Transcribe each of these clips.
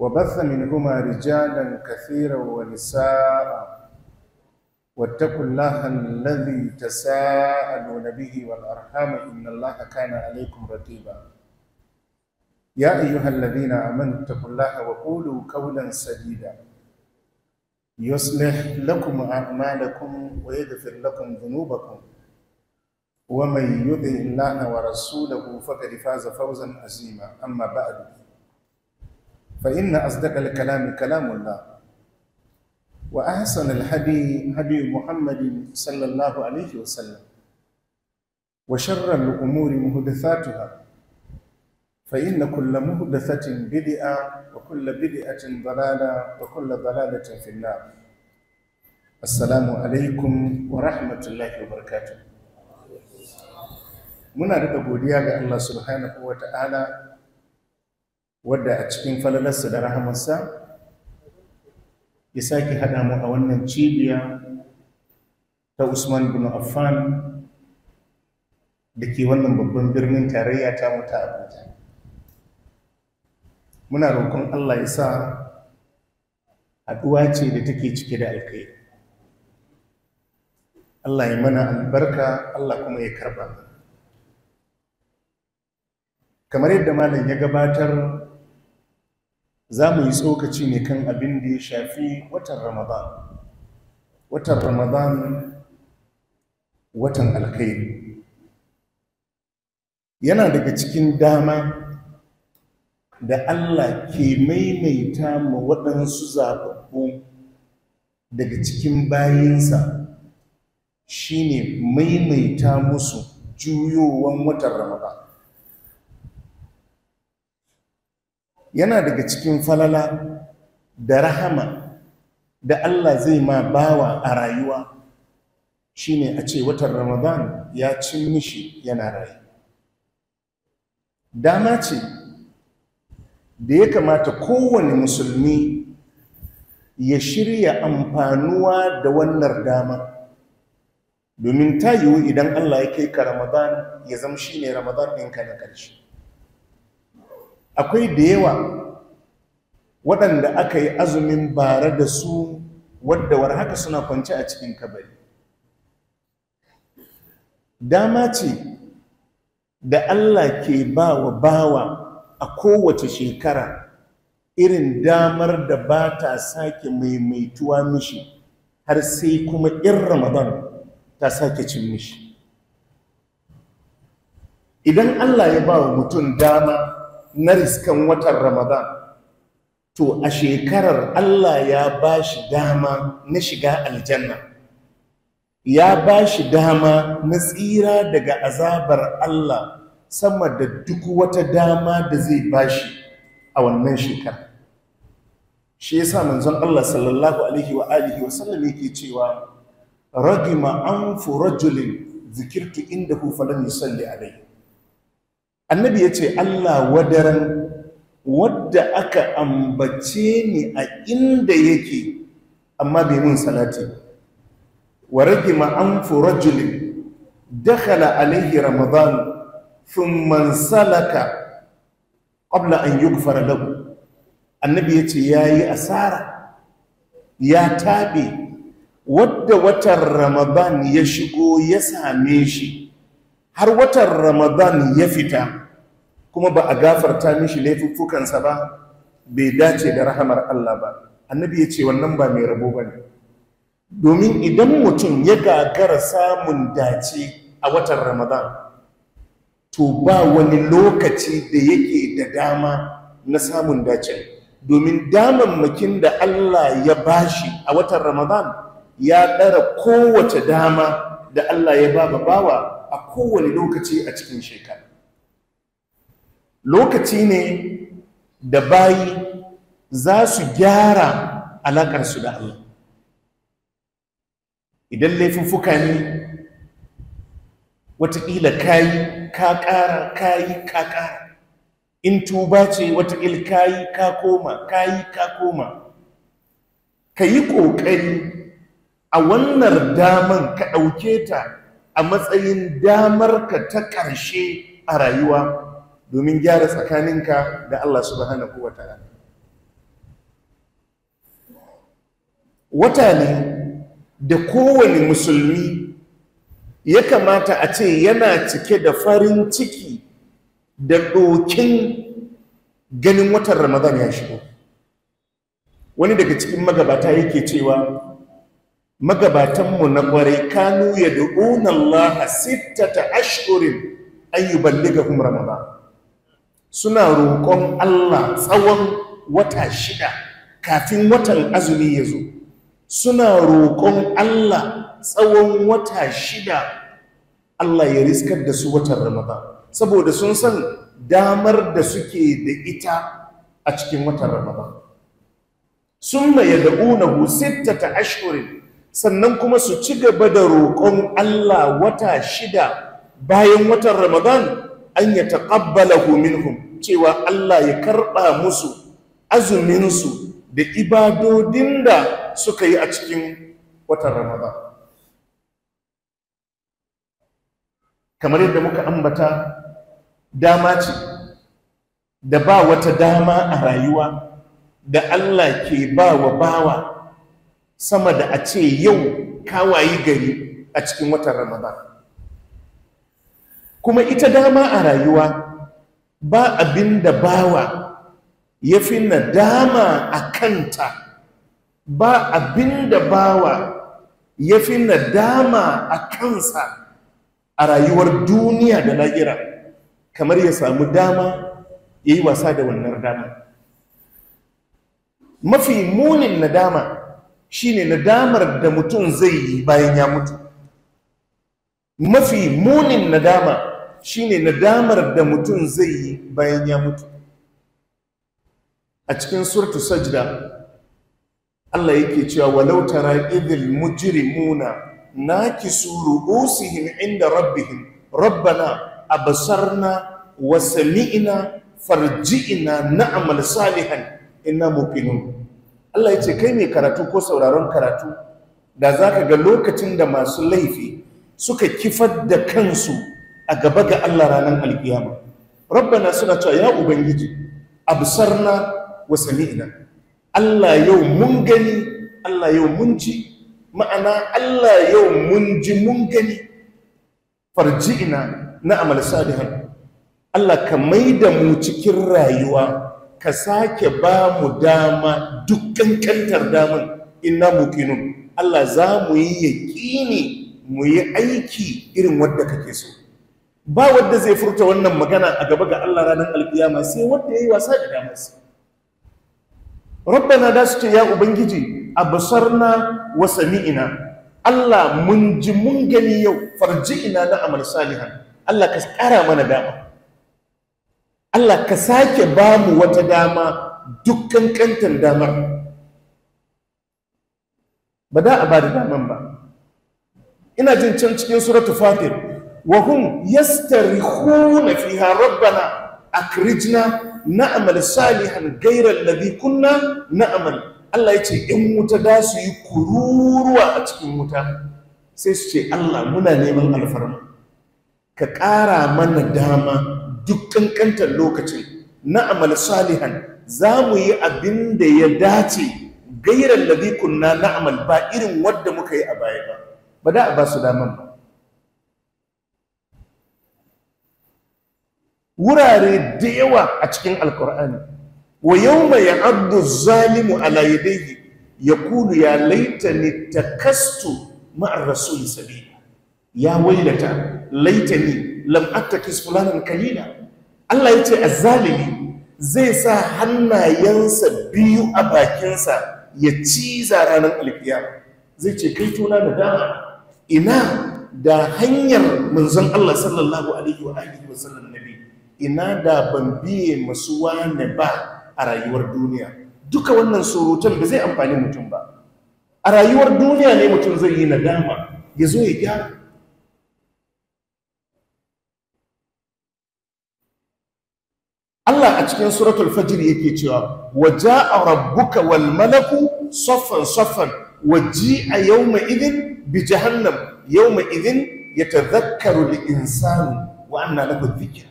وبث منهما رجالا كثيرا ونساء واتقوا الله الذي تساءلون به والارحام ان الله كان عليكم رقيبا يا ايها الذين امنوا اتقوا الله وقولوا قولا سديدا يصلح لكم اعمالكم ويغفر لكم ذنوبكم ومن يطع الله ورسوله فقد فاز فوزا عظيما اما بعد فإن أصدق الكلام كلام الله وأحسن الهدي هدي محمد صلى الله عليه وسلم وشر الأمور محدثاتها فإن كل محدثة بدعة وكل بدعة ضلالة وكل ضلالة في النار السلام عليكم ورحمة الله وبركاته muna da godiya ga Allah subhanahu wa ta'ala wadda a cikin falalarsa da rahamarsa ya sake haɗa mu a wannan cibiya ta Usman bin Affan da ke wannan babban birnin tarayya ta mu ta Abuja. Muna roƙon Allah ya sa haɗuwa ce da take cike da alkai. Allah ya mana albarka, Allah kuma ya karba. Kamar yadda malam ya gabatar za mu yi tsokaci ne kan abin da ya shafi watan ramadan watan ramadan watan yana daga cikin dama da allah ke maimaita ma waɗansu zaɓaɓɓu daga cikin bayinsa shine maimaita musu juyowan watan ramadan yana daga cikin falala da rahama da Allah zai ma bawa a rayuwa shine a ce watan Ramadan ya cin mishi yana rayu dama ce da ya kamata kowane musulmi ya shirya amfanuwa da wannan dama domin ta yiwu idan Allah ya kai ka Ramadan ya zama shine Ramadan ɗinka na ƙarshe akwai da yawa waɗanda aka yi azumin bara da su wadda war haka suna kwance a cikin kabari dama ce da Allah ke ba wa bawa a kowace shekara irin damar da ba ta sake maimaituwa mishi har sai kuma in ramadan ta sake cin mishi idan Allah ya ba wa mutum dama na riskan watan ramadan to a shekarar Allah ya ba shi dama na shiga aljanna ya ba shi dama na tsira daga azabar Allah sama da duk wata dama da zai ba shi a wannan shekarar. shi yasa manzon Allah sallallahu alaihi wa alihi wa sallam yake cewa ragima anfu rajulin zikirtu indahu falan salli alaihi annabi ya ce allah wadaran wadda aka ambace ni a inda yake amma bai mun salati wa rage ma'amfu rajulin dakhala alaihi ramadan man salaka qabla an yughfara lahu annabi ya yace yi asara ya tabe wadda watan ramadan ya shigo ya same shi har watan ramadan ya fita kuma ba a gafarta mishi laifukansa ba bai dace da rahamar Allah ba annabi ya ce wannan ba mai rabo ba ne domin idan mutum ya gagara samun dace a watan ramadan to ba wani lokaci da yake da dama na samun dace domin damammakin da Allah ya bashi a watan ramadan ya ɗara kowace dama da Allah ya ba bawa a kowane lokaci a cikin shekara lokaci ne da bayi za su gyara su da Allah idan laifin fuka ne watakila kayi ka ƙara kayi ka ƙara in tuba ce watakila kayi ka koma kayi ka koma ka yi ƙoƙari a wannan daman ka ɗauke ta a matsayin damarka ta ƙarshe a rayuwa domin gyara tsakaninka da Allah subhanahu wa ta'ala wata ne da kowane musulmi ya kamata a ce yana cike da farin ciki da ɗokin ganin watan ramadan ya shigo wani daga cikin magabata yake cewa magabatanmu na kwarai kanu ya du'una Allah sittata ashhurin an kuma ramadan suna roƙon Allah tsawon wata shida kafin watan azumi ya zo suna roƙon Allah tsawon wata shida Allah ya riskar da su watan ramaba saboda sun san damar da suke da ita a cikin watan ramaba sun ma ya sita ta ashirin. sannan kuma su ci gaba da roƙon Allah wata shida bayan watan Ramadan an ya taƙabbala minhum cewa Allah ya karɓa musu azuminsu da ibadodin da suka yi a cikin watan Ramadan kamar yadda muka ambata dama ce da ba wata dama a rayuwa da Allah ke ba wa bawa sama da a ce yau kawayi gari a cikin watan ramadan kuma ita dama a rayuwa ba abin da bawa ya fi nadama a kanta ba abin da bawa ya fi nadama a kansa a rayuwar duniya da lahira kamar ya samu dama ya yi wasa da wannan dama mafi munin nadama shine nadamar da mutum zai yi bayan ya mutu mafi munin nadama shine nadamar da mutum zai yi bayan ya mutu a cikin surtu sajda Allah yake cewa walau tara idil mujrimuna nakisu yi inda rabbihim rabbana abasarna wa sami'na farji'na na'mal salihan inna muqinun Allah ya ce kai mai karatu ko sauraron karatu da za ka ga lokacin da masu laifi suka kifar da kansu a gaba ga Allah ranar alkiyama rabbana suna cewa ya ubangiji absarna wa sami'na Allah yau mun gani Allah yau mun ji ma'ana Allah yau mun ji mun gani farji'ina na amal salihan Allah ka maida mu cikin rayuwa ka sake ba mu dama dukkan kantar damar ina mukinu Allah za mu yi yaƙini mu yi aiki irin wadda kake so ba wadda zai furta wannan magana a gaba ga Allah ranar alkiyama sai wadda yi wasa da damarsa rabbana da su ce ya ubangiji a na wa sami'ina Allah mun ji mun gani yau farji ina na amal salihan Allah ka ƙara mana dama Allah ka sake ba mu wata dama dukkan kantar damar ba da a ba da daman ba ina jin can cikin suratu fatir wa hum yastarihuna fiha rabbana akrijna na'mal salihan ghayra alladhi kunna na'mal Allah yace in wuta da su yi kururuwa a cikin wuta sai su ce Allah muna neman alfarma ka ƙara mana dama duk kankantar lokacin na'amal salihan za mu yi abin da ya dace gairar da kunna na'amal ba irin wadda muka yi a baya ba ba da a ba su daman ba wurare da yawa a cikin alkur'ani wa yau mai abdu zalimu ala ya kulu ya laita ni takastu ma'ar rasul sabi ya wailata laita ni lam attakis fulanan kalila Allah ya ce azzalimi zai sa hannayensa biyu a bakinsa ya ciza ranar alfiya. zai ce kai tona da dama ina da hanyar manzon Allah sallallahu alaihi wa alihi wa sallam nabi ina da ban biye masu wane ba a rayuwar duniya duka wannan surutan ba zai amfani mutum ba a rayuwar duniya ne mutum zai yi nadama ya zo ya gyara Allah a cikin suratul fajr yake cewa wa jaa rabbuka wal malaku saffan saffan wa ji'a yawma idhin bi jahannam yawma idhin yatadhakkaru al insanu wa anna lahu dhikra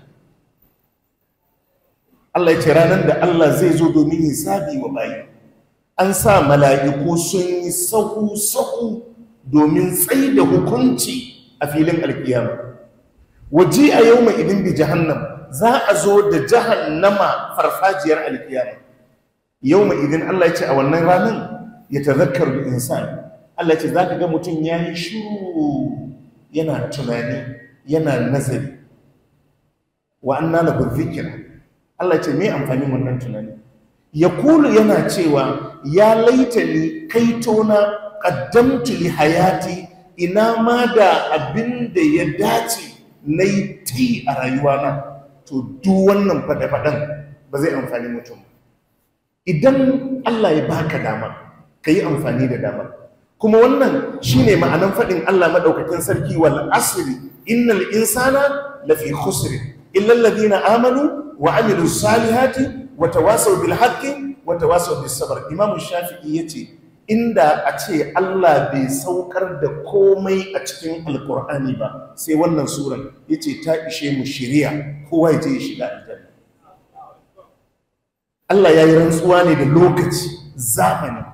Allah ya ce ranar da Allah zai zo domin hisabi wa bayi an sa mala'iku sun yi sahu-sahu domin tsaida hukunci a filin alkiyama waje a yau idin bi jahannam za a zo da jahannama farfajiyar alkiyama yau mai idan Allah ya ce a wannan ranar ya tazakkar da insan Allah ya ce za ka ga mutum ya yi shuru yana tunani yana nazari wa an nana ku zikira Allah ya ce me amfani wannan tunani ya kulu yana cewa ya laita ni tona ƙaddamtu li hayati ina ma da abin da ya dace na yi ta yi a rayuwana to duk wannan faɗe-faɗen ba zai amfani mutum idan Allah ya baka dama ka yi amfani da dama kuma wannan shine ma'anan fadin Allah maɗaukakin sarki wal asri innal insana lafi in illa alladhina amanu wa amilu salihati wa tawasaw bil haqqi wa tawasaw bis sabr imamu shafi'i yace inda a ce Allah bai saukar da komai a cikin alkur'ani ba sai wannan surar ya ce ta ishe mu shirya kowa ya je shiga aljanna Allah ya yi rantsuwa ne da lokaci zamani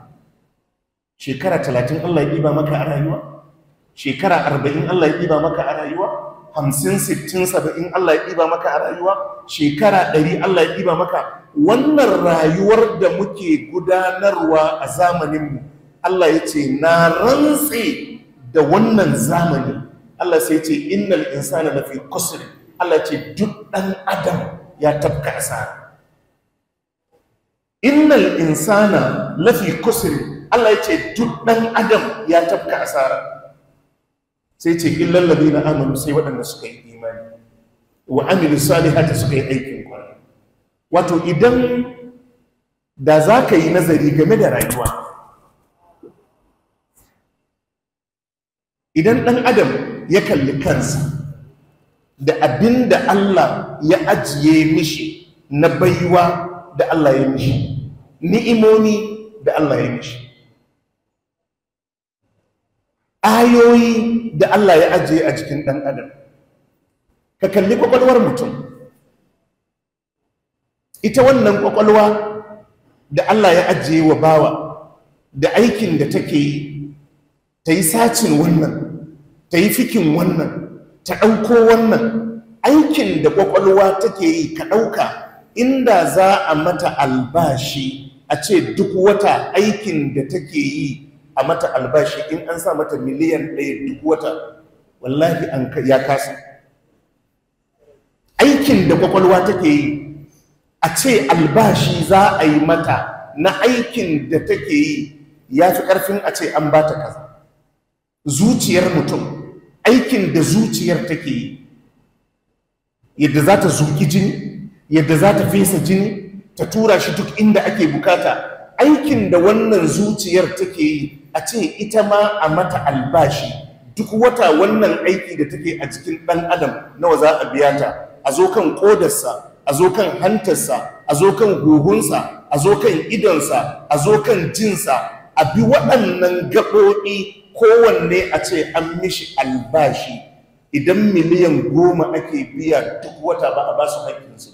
shekara talatin Allah ya ɗiba maka a rayuwa shekara arba'in Allah ya ɗiba maka a rayuwa hamsin sittin saba'in Allah ya ɗiba maka a rayuwa shekara ɗari Allah ya ɗiba maka wannan rayuwar da muke gudanarwa a zamaninmu Allah ya ce na rantse da wannan zamanin Allah sai ce innal insana na fi kusur Allah ce duk ɗan adam ya tafka asara innal insana lafi kusur Allah ya ce duk ɗan adam ya tafka asara sai ce illal na amanu sai waɗanda suka yi imani wa Sani salihati suka yi aikin kwarai wato idan da za ka yi nazari game da rayuwa idan ɗan adam ya kalli kansa da abin da Allah ya ajiye mishi na baiwa da Allah ya mishi ni'imoni da Allah ya mishi ayoyi da Allah ya ajiye a jikin ɗan adam ka kalli kwakwalwar mutum ita wannan kwakwalwa da Allah ya ajiye wa bawa da aikin da take yi ta yi sacin wannan ta yi fikin wannan ta ɗauko wannan aikin da ƙwaƙwalwa take yi ka ɗauka inda za a mata albashi a ce duk wata aikin da take yi a mata albashi in an sa mata miliyan ɗaya duk wata wallahi an ya kasa aikin da kwakwalwa take yi a ce albashi za a yi mata na aikin da take yi ya fi ƙarfin a ce an ba ta kaza zuciyar mutum aikin da zuciyar take yi yadda za ta zuki jini yadda za ta fesa jini ta tura shi duk inda ake bukata aikin da wannan zuciyar take yi a ce ita ma a mata albashi duk wata wannan aiki da take a cikin ɗan adam nawa za a biya ta a zo kan ƙodarsa a zo kan hantarsa a zo kan huhunsa a zo kan idonsa a zo kan jinsa a bi waɗannan gaɓoɓi kowanne a ce an mishi albashi idan miliyan goma ake biya duk wata ba a ba su haƙƙinsu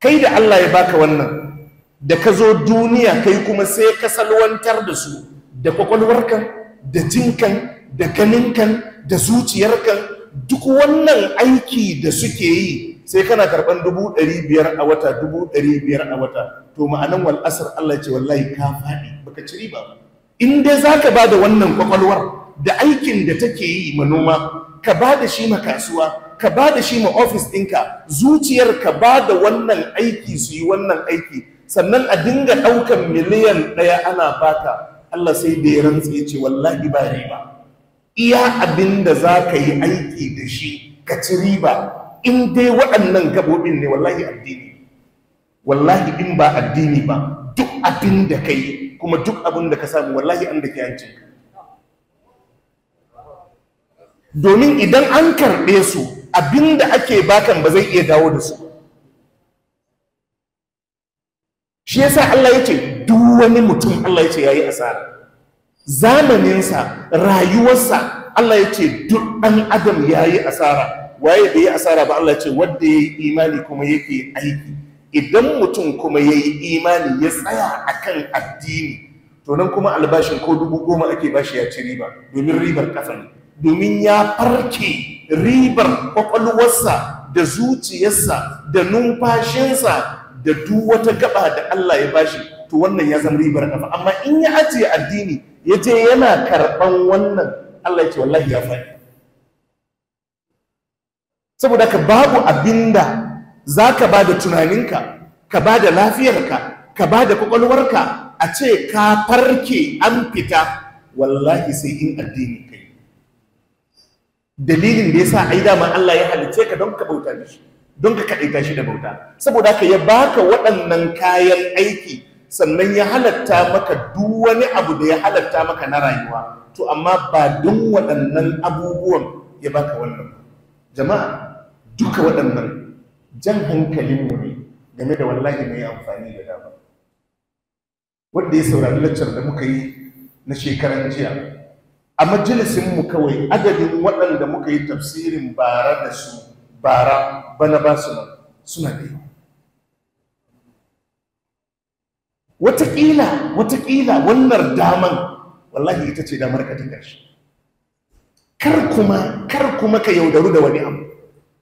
kai da Allah ya baka wannan da ka zo duniya kai kuma sai ka salwantar da su da kwakwalwarkan da jinkan da ganinkan da zuciyarkan duk wannan aiki da suke yi sai kana karɓar dubu ɗari biyar a wata dubu ɗari biyar a wata to ma'anan wal Allah ce wallahi ka faɗi baka ci riba ba in dai za ka ba da wannan kwakwalwar da aikin da take yi manoma ka ba da shi ma kasuwa ka ba da shi ma ofis ɗinka zuciyar ka ba da wannan aiki su yi wannan aiki sannan a dinga ɗaukan miliyan ɗaya ana baka Allah sai da ya rantsa ya ce wallahi ba riba iya abinda da za ka yi aiki da shi ka ci riba in dai waɗannan gabobin ne wallahi addini wallahi in ba addini ba duk abin da ka yi kuma duk abin da ka samu wallahi an da ke yancin domin idan an karɓe su abin da ake bakan ba zai iya dawo da su shi yasa Allah ya ce duk wani mutum Allah ya ce ya yi asara zamaninsa rayuwarsa Allah ya ce duk ɗan adam ya yi asara waye ya yi asara ba Allah ce ce wanda yi imani kuma yake aiki idan mutum kuma ya yi imani ya tsaya a kan addini to nan kuma albashin ko dubu goma ake bashi ya ci riba domin ribar kafa domin ya farke ribar kwakwalwarsa da zuciyarsa da numfashinsa da duk wata gaba da Allah ya bashi to wannan ya zama ribar kafa amma in ya ajiye addini ya je yana karɓan wannan Allah ya ce wallahi ya fai saboda ka babu abinda za ka ba da tunaninka ka ba da lafiyarka ka ba da kwakwalwarka a ce ka farke an fita wallahi sai in addini kai dalilin da ya sa ai dama Allah ya halice ka don ka bauta da shi don ka kaɗaita shi da bauta saboda haka ya baka waɗannan kayan aiki sannan ya halatta maka duk wani abu da ya halatta maka na rayuwa to amma ba duk waɗannan abubuwan ya baka wannan jama'a duka waɗannan jan hankalin mu ne game da wallahi mai amfani da dama wanda ya saurari laccar da muka yi na shekaran jiya a majalisin kawai adadin waɗanda muka yi tafsirin bara da su bara bana ba su nan suna da yawa wataƙila wataƙila wannan daman wallahi ita ce damar ka dinga shi kar kuma kar kuma ka yaudaru da wani abu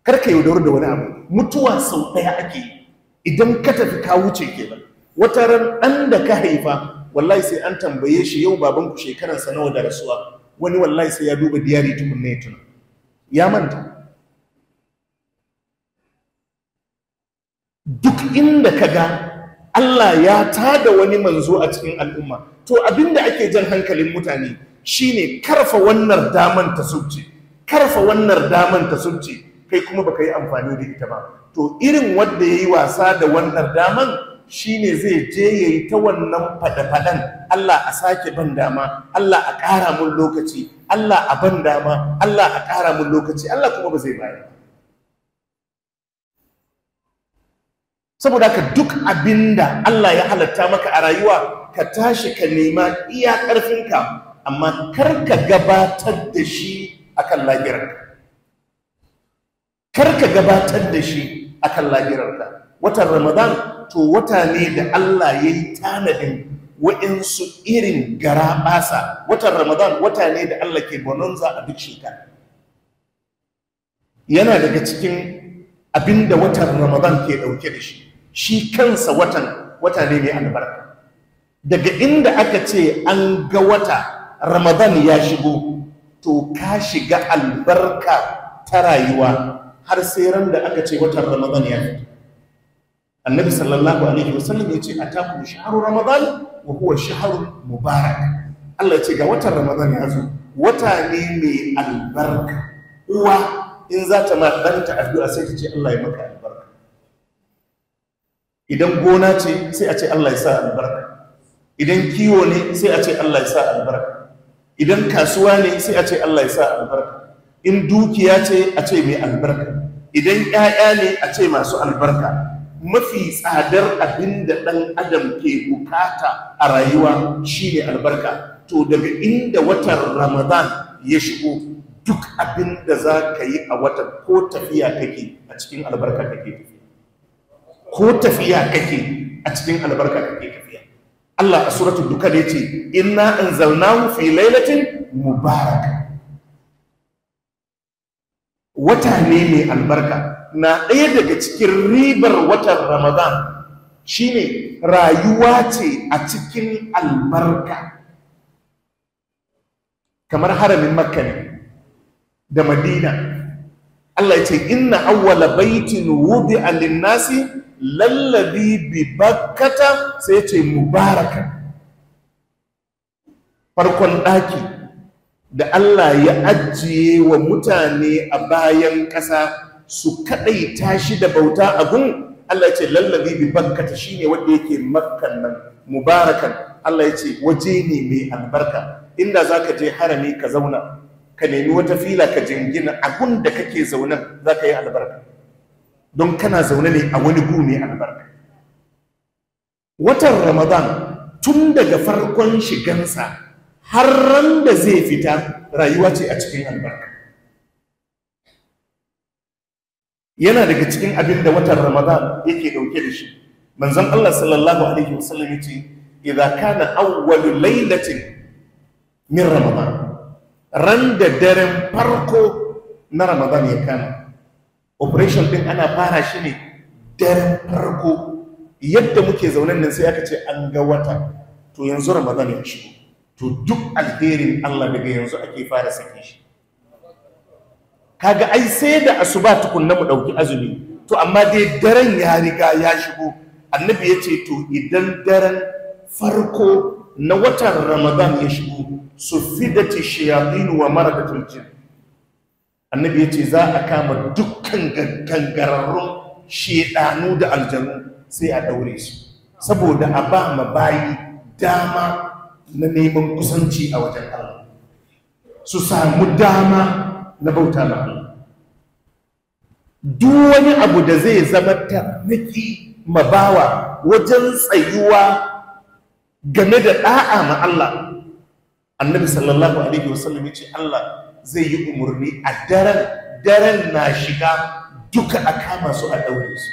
kar ka yaudaru da wani abu mutuwa sau ɗaya ake idan ka tafi ka wuce ba, wata ran ɗan da ka haifa wallahi sai an tambaye shi yau babanku shekaransa nawa da rasuwa wani wallahi sai ya duba diyari tukunna ya tuna ya manta duk inda ka ga Allah ya tada wani manzo a cikin al'umma to abinda ake jan hankalin mutane shine karfa wannan daman ta subce karfa wannan daman ta subce kai kuma baka yi amfani da ita ba to irin wanda yayi wasa da wannan daman shine zai je yayi ta wannan fada-fadan Allah a sake ban dama Allah a ƙara mun lokaci Allah a ban dama Allah a ƙara mun lokaci Allah kuma ba zai bayar saboda haka duk abinda Allah ya halatta maka a rayuwa ka tashi ka nema iya ƙarfinka amma kar ka gabatar da shi akan lafiyarka kar ka gabatar da shi akan lagirarka. watan Ramadan to wata ne da Allah ya yi tanadin wa'insu irin gara basa watan Ramadan wata ne da Allah ke bononza a duk shekara yana daga cikin abinda watan Ramadan ke ɗauke da shi shi kansa watan wata ne mai albarka daga inda aka ce an ga wata ramadan ya shigo to ka shiga albarka ta rayuwa har sai ran da aka ce watan ramadan ya fito annabi sallallahu alaihi wasallam ya ce ataku shahru ramadan wa huwa shahru mubarak Allah ya ce ga watan ramadan ya zo wata ne mai albarka uwa in za ta ma ɗanta addu'a sai ta ce Allah ya maka idan gona ce sai a ce Allah ya sa albarka idan kiwo ne sai a ce Allah ya sa albarka idan kasuwa ne sai a ce Allah ya sa albarka in dukiya ce a ce mai albarka idan ƴaƴa ne a ce masu albarka mafi tsadar abin da ɗan adam ke bukata a rayuwa shine albarka to daga inda watan ramadan ya shigo duk abin da za ka yi a watan ko tafiya kake a cikin albarka kake tafiya ko tafiya kake a cikin albarka kake tafiya Allah a suratul dukkan yace inna anzalnahu fi lailatin mubarak wata ne mai albarka na ɗaya daga cikin ribar watan ramadan shine rayuwa ce a cikin albarka kamar haramin makka da madina Allah ya ce inna awwala baitin wudi'a lin-nasi lallabi bi bakkata sai ce mubaraka farkon ɗaki da Allah ya ajiye wa mutane a bayan ƙasa su kaɗai tashi da bauta abun. Allah ya ce lallabi bi bakkata shine wanda yake makkan nan mubarakan Allah ya ce waje ne mai albarka inda za ka je harami ka zauna ka nemi wata fila ka jingina a gun da kake zaunan za ka yi albarka don kana zaune ne a wani guru mai albarka watan ramadan tun daga farkon shigansa har ran da zai fita rayuwa ce a cikin albarka yana daga cikin abin da watan ramadan yake dauke da shi manzon Allah sallallahu alaihi wasallam yace idza kana awwalu laylatin min ramadan ran da daren farko na ramadan ya kana operation din ana fara shi ne daren farko yadda muke zaunen nan sai aka ce an ga wata to yanzu ramadan ya shigo to duk alherin Allah daga yanzu ake fara saki shi kaga ai sai da asuba tukunna mu dauki azumi to amma dai daren ya riga ya shigo annabi ya ce to idan daren farko na watan ramadan ya shigo su fidati shayatin wa maradatul jin annabi ya ce za a kama dukkan gangararrun shedanu da aljanu sai a daure su saboda a ba ma bayi dama na neman kusanci a wajen Allah su samu dama na bauta na Allah duk wani abu da zai zama tarniki mabawa wajen tsayuwa game da da'a ma Allah annabi sallallahu alaihi wasallam ya ce Allah zai yi umarni a daren daren na shiga duka a kama su a ɗaure su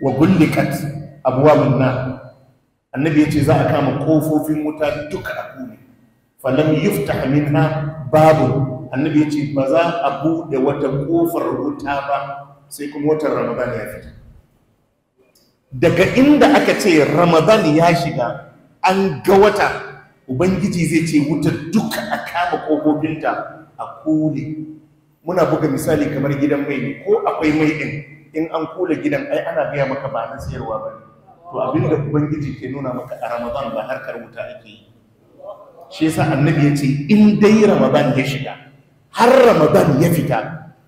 wa gullikat abwabun na annabi ya ce za a kama kofofin wuta duka a kune falam yuftah minha babu annabi ya ce ba za a buɗe wata kofar wuta ba sai kuma watan ramadan ya fita daga inda aka ce ramadan ya shiga an ga wata ubangiji zai ce wuta duka a kama kofofinta a kule muna buga misali kamar gidan mai ko akwai mai din in an kula gidan ai ana gaya maka ba na sayarwa ba to abinda ubangiji ke nuna maka a ramadan ba harkar wuta ake yi shi yasa annabi ya ce in dai ramadan ya shiga har ramadan ya fita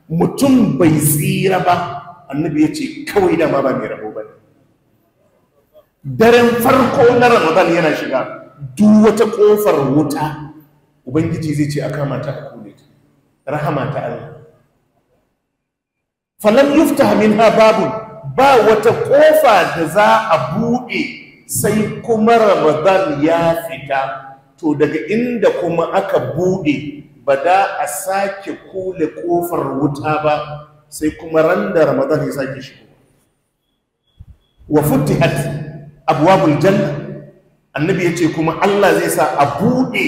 mutum bai tsira ba annabi ya ce kawai dama ba mai rabo ba ne daren farko na ramadan yana shiga duk wata kofar wuta ubangiji zai ce a kama ta a ta rahama ta Allah falam yuftah minha ba wata kofa da za a buɗe sai kuma ramadan ya fita to daga inda kuma aka buɗe ba da a sake kule kofar wuta ba sai kuma ran da ramadan ya sake shigo wa futihat abuwabul janna annabi ya ce kuma Allah zai sa a buɗe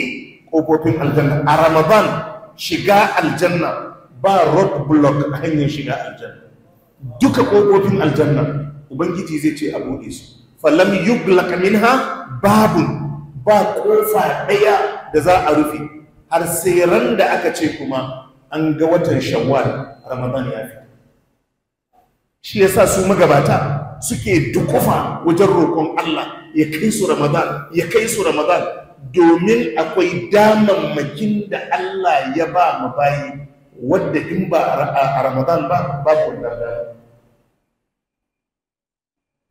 ƙofofin aljanna a ramadan shiga aljanna ba rock block a hanyar shiga aljanna duka ƙofofin aljanna ubangiji zai ce a buɗe su falam yuglaka minha babun ba ƙofa ɗaya da za a rufe har sai ran da aka ce kuma an ga watan shawwal ramadan ya fi shi yasa su magabata suke dukufa wajen roƙon Allah ya kai su Ramadan ya kai su Ramadan domin akwai damammakin da Allah ya ba mu bayi wadda in ba a Ramadan ba babu da.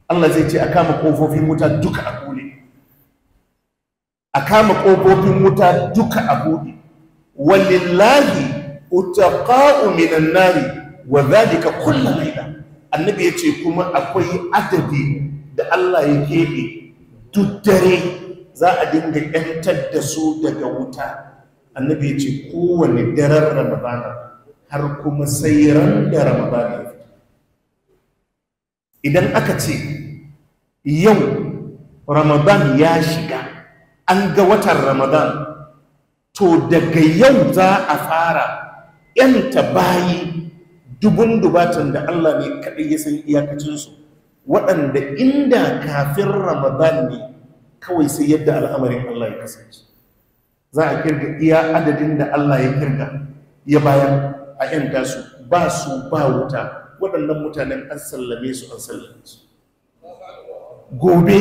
Allah zai ce a kama kofofin wuta duka a buɗe. a kama ƙofofin wuta duka a buɗe walillahi utaqa'u minan nari wa dhalika kullu layla annabi ya ce kuma akwai adadi da Allah ya keɓe duk dare za a dinga ‘yantar da su daga wuta annabi ya ce kowane daren ramadana har kuma sai ran da ramadana idan aka ce yau ramadan ya shiga an ga watan ramadan to daga yau za a fara ‘yanta bayi dubun dubatan da Allah ne kaɗai ya san iyakacinsu waɗanda inda kafin ramadan ne kawai sai yadda al'amarin Allah ya kasance za a kirga iya adadin da Allah ya kirga ya bayan a ‘yanta su ba su ba wuta waɗannan mutanen an sallame su an sallame su gobe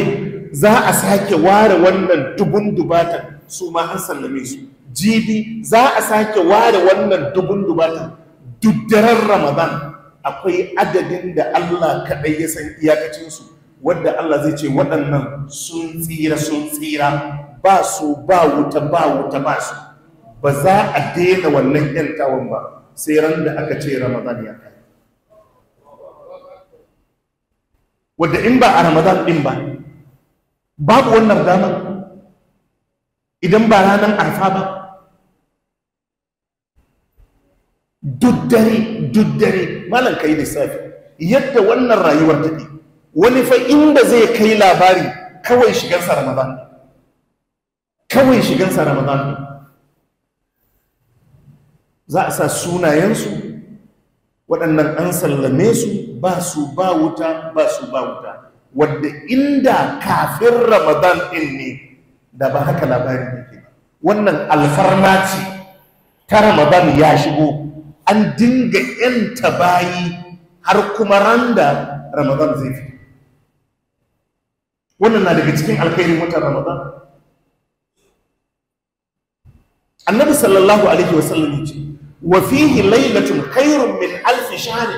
za a sake ware wannan dubun dubatan su ma an sallame su jibi za a sake ware wannan dubun dubatan duk daren ramadan akwai adadin da Allah kaɗai ya san iyakacinsu wadda Allah zai ce waɗannan sun tsira sun tsira ba su ba wuta ba wuta ba su ba za a daina wannan yantawan ba sai ran da aka ce ramadan ya kai wadda in ba a ramadan ɗin ba babu wannan damar idan ba ranar arfa ba duddare duddare malam ka yi lissafi yadda wannan rayuwar ta ɗi wani fa inda zai kai labari kawai shigarsa ramadan kawai shigarsa ramadan za a sa sunayensu waɗannan an sallame su ba su ba wuta ba su ba wuta wadda inda kafin ramadan ɗin ne da ba haka labarin ne. wannan alfarma ta ramadan ya shigo an dinga yanta bayi har kuma randa ramadan zai fi wannan na daga cikin alkhairin watan ramadan annabi sallallahu alaihi wasallam ya ce wa fihi lailatun khairun min alf shahr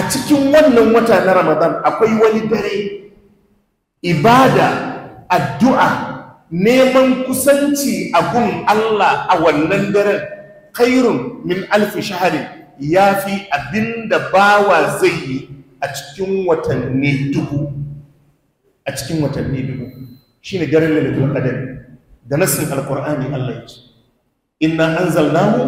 a cikin wannan wata na ramadan akwai wani dare ibada addu'a neman kusanci a gun Allah a wannan daren khairun min alfi shahari ya fi abinda bawa zai yi a cikin watanni dubu a cikin watanni dubu shi ne garin lalatul qadar da nassin alkur'ani Allah ya ce Ina an inna anzalnahu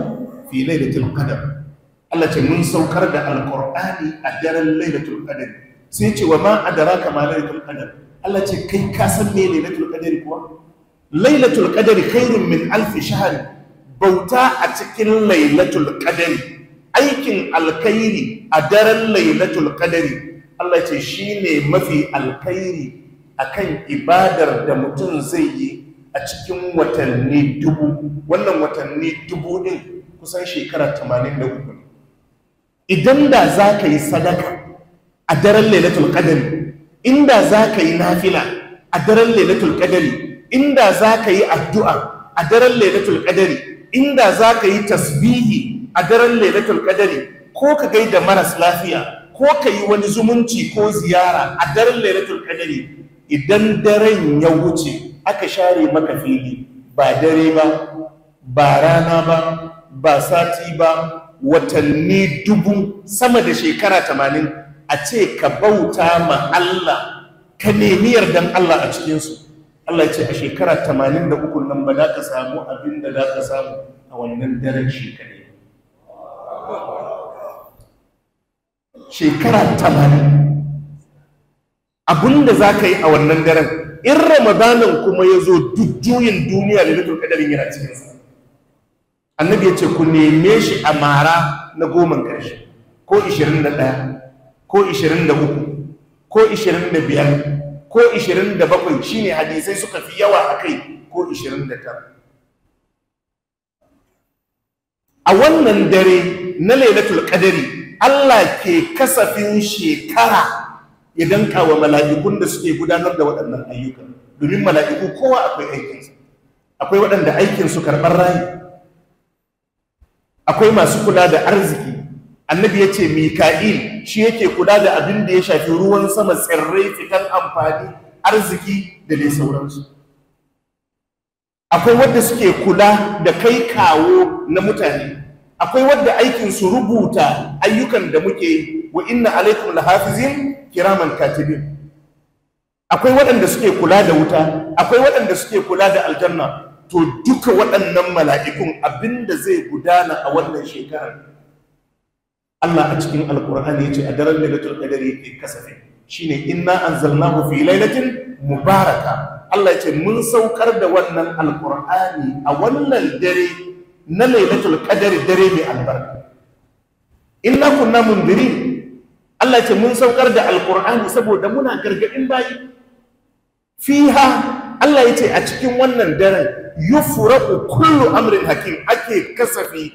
fi lailatul qadar Allah ce mun saukar da alkur'ani a daren lailatul qadar sai ce wa ma adraka ma lailatul qadar Allah ce kai ka san me lailatul qadar kuwa lailatul qadar khairun min alfi shahari. bauta a cikin lailatul qadari aikin alkhairi a daren lailatul qadari Allah ce shine mafi alkhairi akan ibadar da mutum zai yi a cikin watanni dubu wannan watanni dubu din kusan shekara 83 idan da za ka yi sadaka a daren lailatul qadari inda za ka yi nafila a daren lailatul qadari inda za ka yi addu'a a daren lailatul qadari inda za ka yi tasbihi a daren lailatul qadari ko ka gai da maras lafiya ko ka yi wani zumunci ko ziyara a daren lailatul qadari idan daren ya wuce aka share maka fili ba dare ba ba rana ba ba sati ba watanni dubu sama da shekara tamanin a ce ka bauta ma Allah ka nemi yardan Allah a cikinsu Allah ce a shekara tamanin da 83 nan ba za ka samu abin da za ka samu a wannan daren shekare shekara tamanin, abin da za ka yi a wannan daren in ramadanin kuma ya zo juyin duniya da nufin kadarin yana cikin sa, annabi ya ce ku neme shi a mara na goman ƙarshe ko ishirin da ɗaya, ko ishirin da uku, ko ishirin da biyar. ko 27 shine hadisai suka fi yawa akai ko 29 a wannan dare na lailatul qadari Allah ke kasafin shekara ya danka wa mala'ikun da suke gudanar da waɗannan ayyukan domin mala'iku kowa akwai aikinsa akwai waɗanda aikinsu karɓar rayu akwai masu kula da arziki annabi ya ce mika'il shi yake kula da abin da ya shafi ruwan sama tsirrai fitan amfani arziki da dai sauransu akwai wadda suke kula da kai kawo na mutane akwai wadda aikin su rubuta ayyukan da muke wa'inna wa inna alaikum lahafizin kiraman katibin akwai waɗanda suke kula da wuta akwai waɗanda suke kula da aljanna to duka waɗannan mala'ikun abinda zai gudana a wannan shekarar Allah a cikin alkur'ani ya ce a daren lailatul qadari yake kasafin shine inna anzalnahu fi lailatin mubaraka Allah ya ce mun saukar da wannan alkur'ani a wannan dare na lailatul qadari dare mai albarka inna kunna mundirin Allah ya ce mun saukar da alkur'ani saboda muna gargadin bayi fiha Allah ya ce a cikin wannan daren yufraqu kullu amrin hakim ake kasafi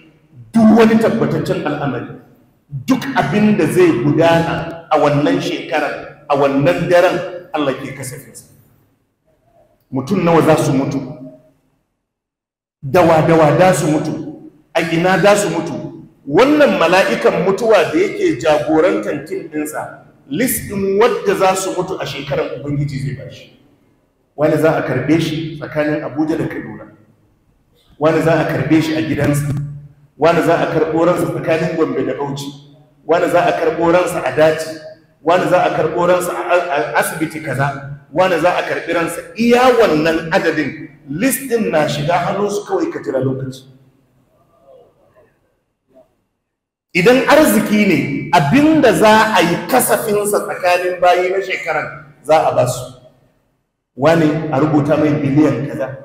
duk wani tabbataccen al'amari duk abin da zai gudana a wannan shekarar a wannan daren Allah ke kasafinsa mutum nawa za su mutu dawa-dawa da su mutu a ina da su mutu wannan mala'ikan mutuwa da yake jagorantar kin ɗinsa listin wadda za su mutu a shekarar ubangiji zai bashi wani za a karbe shi tsakanin abuja da kaduna wani za a karbe shi a gidansa wani za a karɓo ransa tsakanin gombe da bauchi wani za a karɓo ransa a daji wani za a karɓo ransa a asibiti kaza wani za a karɓi ransa iya wannan adadin listin na shiga hannunsu kawai ka jira lokaci idan arziki ne abinda za a yi kasafinsa tsakanin bayi na shekaran za a ba su wani a rubuta mai biliyan kaza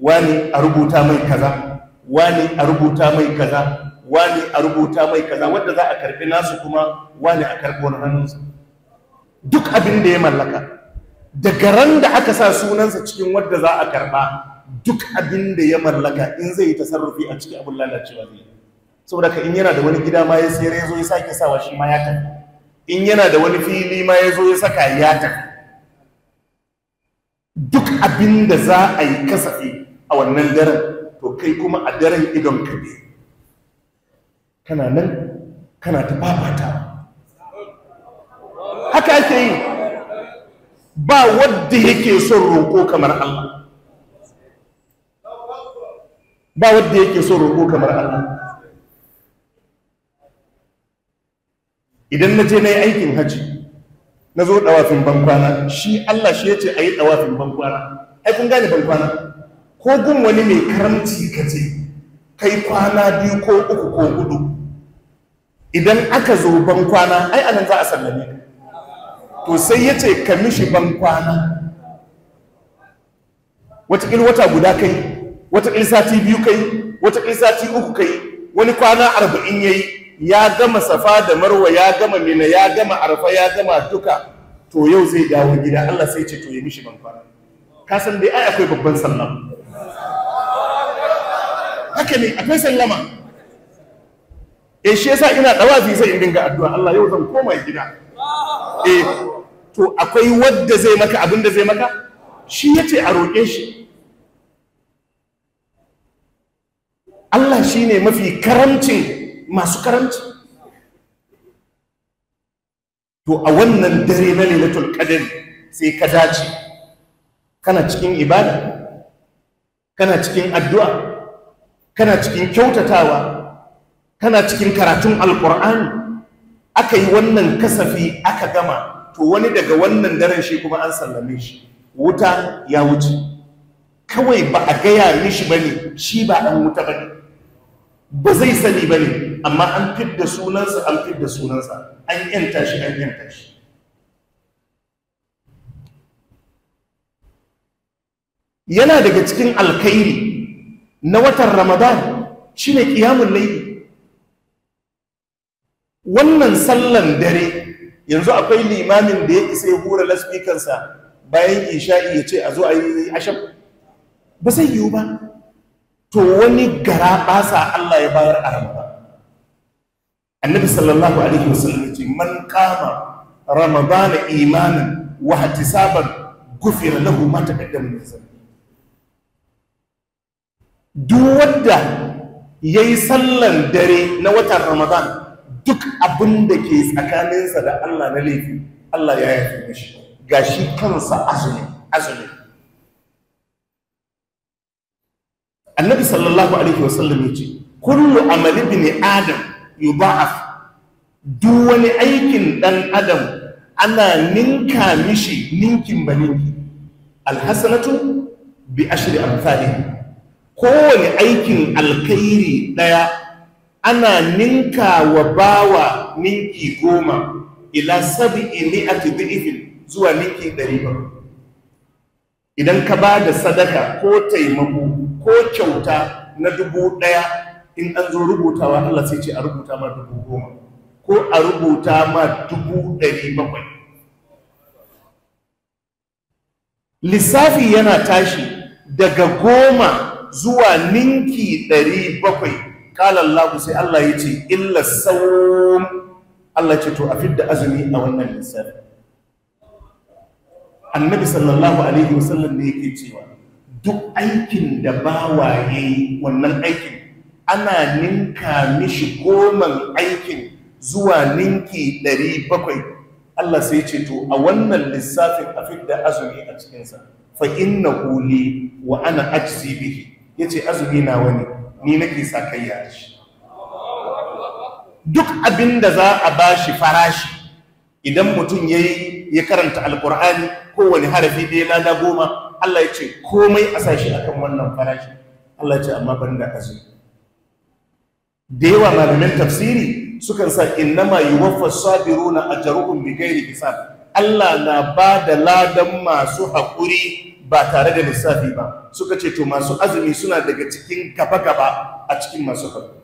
wani a rubuta mai kaza wani a rubuta mai kaza wani a rubuta mai kaza wanda za a karbi nasu kuma wani a karbo wani hannunsa duk abin da ya mallaka daga ran da aka sa sunansa cikin wadda za a karba duk abin da ya mallaka in zai yi tasarrufi a cikin abin lalacewa zai saboda ka in yana da wani gida ma ya sayar ya zo ya sake sawa shi ma ya ta in yana da wani fili ma ya zo ya saka ya ta duk abin da za a yi kasafi a wannan daren to kai kuma a daren idon ka ne kana nan kana ta babata haka ake yi ba wadda yake son roƙo kamar Allah ba wadda yake son roƙo kamar Allah idan na je na yi aikin hajji na zo ɗawafin bankwana shi Allah shi ya ce a yi ɗawafin bankwana haifin kun gane bankwana ko gun wani mai karamci ka je kai kwana biyu ko uku ko hudu idan aka zo ban kwana ai anan za a sallame ka to sai ya ce ka mishi ban kwana watakil wata guda kai watakil sati biyu kai watakil sati uku kai wani kwana arba'in ya yi ya gama safa da marwa ya gama mina ya gama arfa ya gama duka to yau zai dawo gida allah sai ce to ya mishi ban kwana kasan dai ai akwai babban sallah haka ne akwai lama e eh, shi yasa ina dawazi sai in dinga addu'a Allah yau zan koma gida eh to akwai wanda zai maka abin da zai maka shi yace a roƙe shi Allah shine mafi karamcin masu karamci to a wannan dare na lailatul qadr sai ka dace kana cikin ibada kana cikin addu'a kana cikin kyautatawa kana cikin karatun alkur'ani aka yi wannan kasafi aka gama to wani daga wannan daren shi kuma an sallame shi wuta ya wuce kawai ba a gaya mishi ba ne shi ba an wuta ba ne ba zai sani ba ne amma an fidda sunansa an fidda sunansa an yanta shi an yanta shi yana daga cikin alkairi na watan ramadan shi ne ƙiyamun laifi wannan sallan dare yanzu akwai limamin da ya isa ya hura laspikansa bayan isha'i ya ce a zo a yi ashab ba sai yiwu ba to wani gara sa Allah ya bayar a ramadan annabi sallallahu alaihi wasallam ya ce man kama ramadan imanin wa hatisaban gufira lahu ma taqaddama min duk wanda ya yi sallan dare na watan ramadan duk abin da ke tsakaninsa da allah na laifi allah ya fi shi ga shi kansa azumi azumi annabi sallallahu alaihi wasallam ya ce kullu amali bin adam yudha'af duk wani aikin dan adam ana ninka mishi ninkin ba ninki alhasanatu bi ashri amsalih kowane aikin alkhairi ɗaya ana ninka wa bawa ninki goma ila sabi'i mi'ati du'ifin zuwa ninki ɗari ba idan ka ba da sadaka ko taimako ko kyauta na dubu ɗaya in an zo rubutawa Allah sai ce a rubuta ma dubu goma ko a rubuta ma dubu ɗari bakwai lissafi yana tashi daga goma zuwa ninki ɗari bakwai kalallahu sai Allah ya ce illa saum Allah ce to a fidda azumi a wannan lissafi annabi sallallahu alaihi wasallam ne yake cewa duk aikin da bawa ya yi wannan aikin ana ninka mishi goman aikin zuwa ninki ɗari bakwai Allah sai ce to a wannan lissafin a fidda azumi a cikinsa fa inna huli wa ana ajzi bihi ya ce azumi na wani ni nake sa kai ya shi duk abin da za a ba shi farashi idan mutum ya yi ya karanta alkur'ani kowane harafi da ya lada goma Allah ya ce komai a sa shi akan wannan farashi Allah ya ce amma da azumi da yawa malamin tafsiri sukan sa wafa sabiru na ajruhum bigairi hisab Allah na ba da ladan masu haƙuri ba tare da lissafi ba suka ce to masu azumi suna daga cikin gaba-gaba a cikin masu farko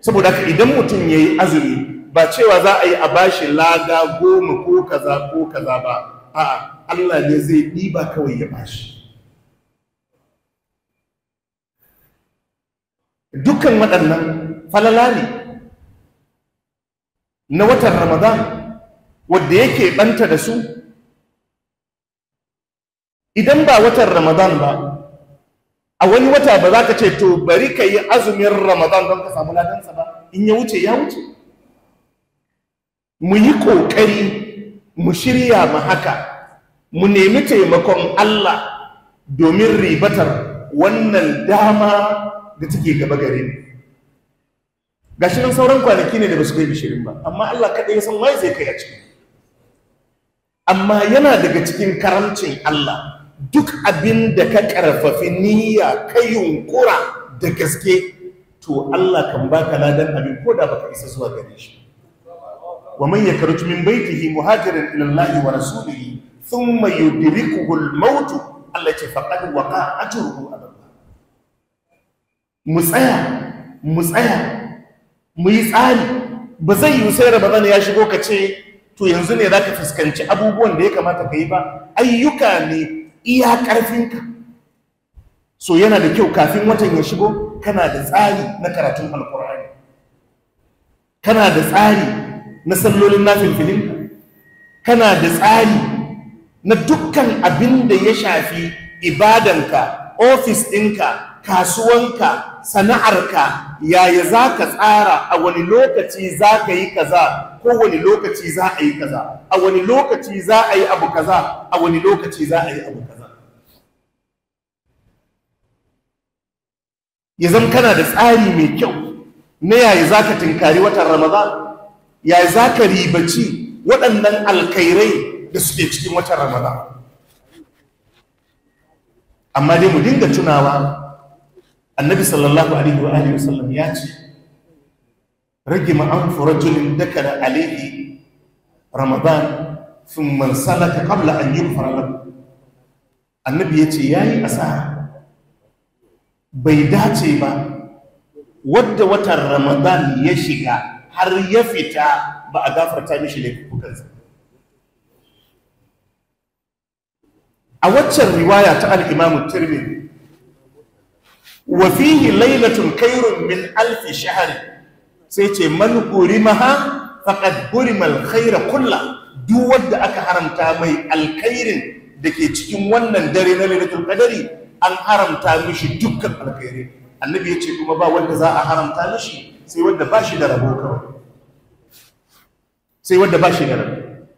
saboda ka idan mutum ya yi azumi ba cewa za a yi a bashi laga goma ko kaza ko kaza ba a'a Allah ne zai ɗiba kawai ya bashi dukkan waɗannan falala ne na watan ramadan wadda yake ɓanta da su idan ba watan ramadan ba a wani wata ba za ka ce to bari ka yi azumin ramadan don ka samu ladansa ba in ya wuce ya wuce mu yi ƙoƙari mu shirya ma haka mu nemi taimakon allah domin ribatar wannan dama da take gaba gare ni gashi nan sauran kwanaki ne da ba su kai bishirin ba amma Allah kaɗai ya san wai zai kai a ciki amma yana daga cikin karamcin Allah duk abin da ka karfafi niyya ka yunkura da gaske to Allah kan baka ladan abin ko da baka isa zuwa gare shi wa man yakhruj min baytihi muhajiran ila Allah wa rasulihi thumma yudrikuhu al-maut Allah ce faqad waqa ajruhu ala mu tsaya mu tsaya mu yi tsari ba zai yi sai bane ya shigo ka ce to yanzu ne zaka fuskanci abubuwan da ya kamata ka yi ba ayyuka ne iya ƙarfinka so yana da kyau kafin watan ya shigo kana da tsari na karatun alkur'ani kana da tsari na sallolin nafilfilin kana da tsari na dukkan abin da ya shafi ibadanka ofis ɗinka kasuwanka sana'arka yaya za ka tsara a wani lokaci za ka yi kaza ko wani lokaci za a yi kaza a wani lokaci za a yi abu kaza a wani lokaci za a yi abu kaza ya zama kana da tsari mai kyau na yaya za ka tinkari watan ramadan yaya za ka ribaci waɗannan alkairai da suke cikin watan ramadan amma dai mu dinga tunawa annabi sallallahu alaihi wa alihi wasallam ya ce rage ma'amfu rajulin dakara alaihi ramadan sun man sanaka an yi lahu annabi ya ce ya yi asara bai dace ba wadda watan ramadan ya shiga har ya fita ba a gafarta mishi laifukansa a waccan riwaya ta al'imamun turmin wafihi lailatun kairun min alfi shahar sai ce man maha faƙad gurimal khaira kulla duk wadda aka haramta mai alkairin da ke cikin wannan dare na lailatul qadari an haramta mishi dukkan alkhairi annabi ya ce kuma ba wanda za a haramta mishi sai wanda ba shi da rabo kawai sai wanda ba shi da rabo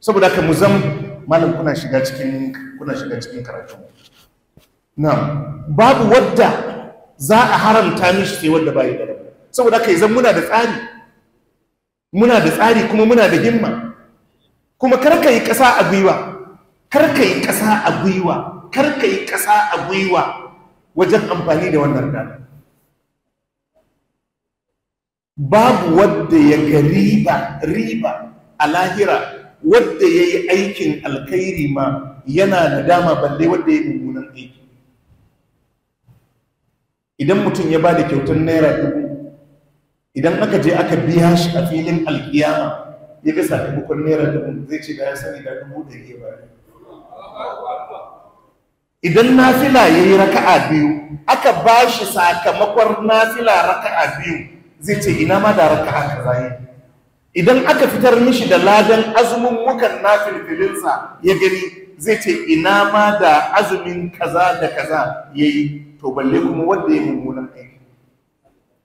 saboda ka mu zam malam kuna shiga cikin kuna shiga cikin karatu na babu wadda za a haramta mishi sai wanda ba yi da rabo saboda ka zan muna da tsari muna da tsari kuma muna da himma kuma karka yi ƙasa a gwiwa kar ka yi ƙasa a gwiwa kar yi ƙasa a gwiwa wajen amfani da wannan dama babu wadda ya ga riba riba a lahira wadda ya yi aikin alkhairi ma yana da dama balle wadda ya yi mummunan aiki idan mutum ya ba da kyautar naira dubu idan aka je aka biya shi a filin alkiyama ya gasa sakamakon naira dubu zai ce da ya sani da dubu da ya bayar idan nafila ya yi raka'a biyu aka ba shi sakamakon nafila raka'a biyu zai ce ina ma da raka'a ka yi idan aka fitar mishi da ladan azumin mukan nafilfilinsa ya gani zai ce ina ma da azumin kaza da kaza ya yi? to balle kuma wanda ya mummunan aiki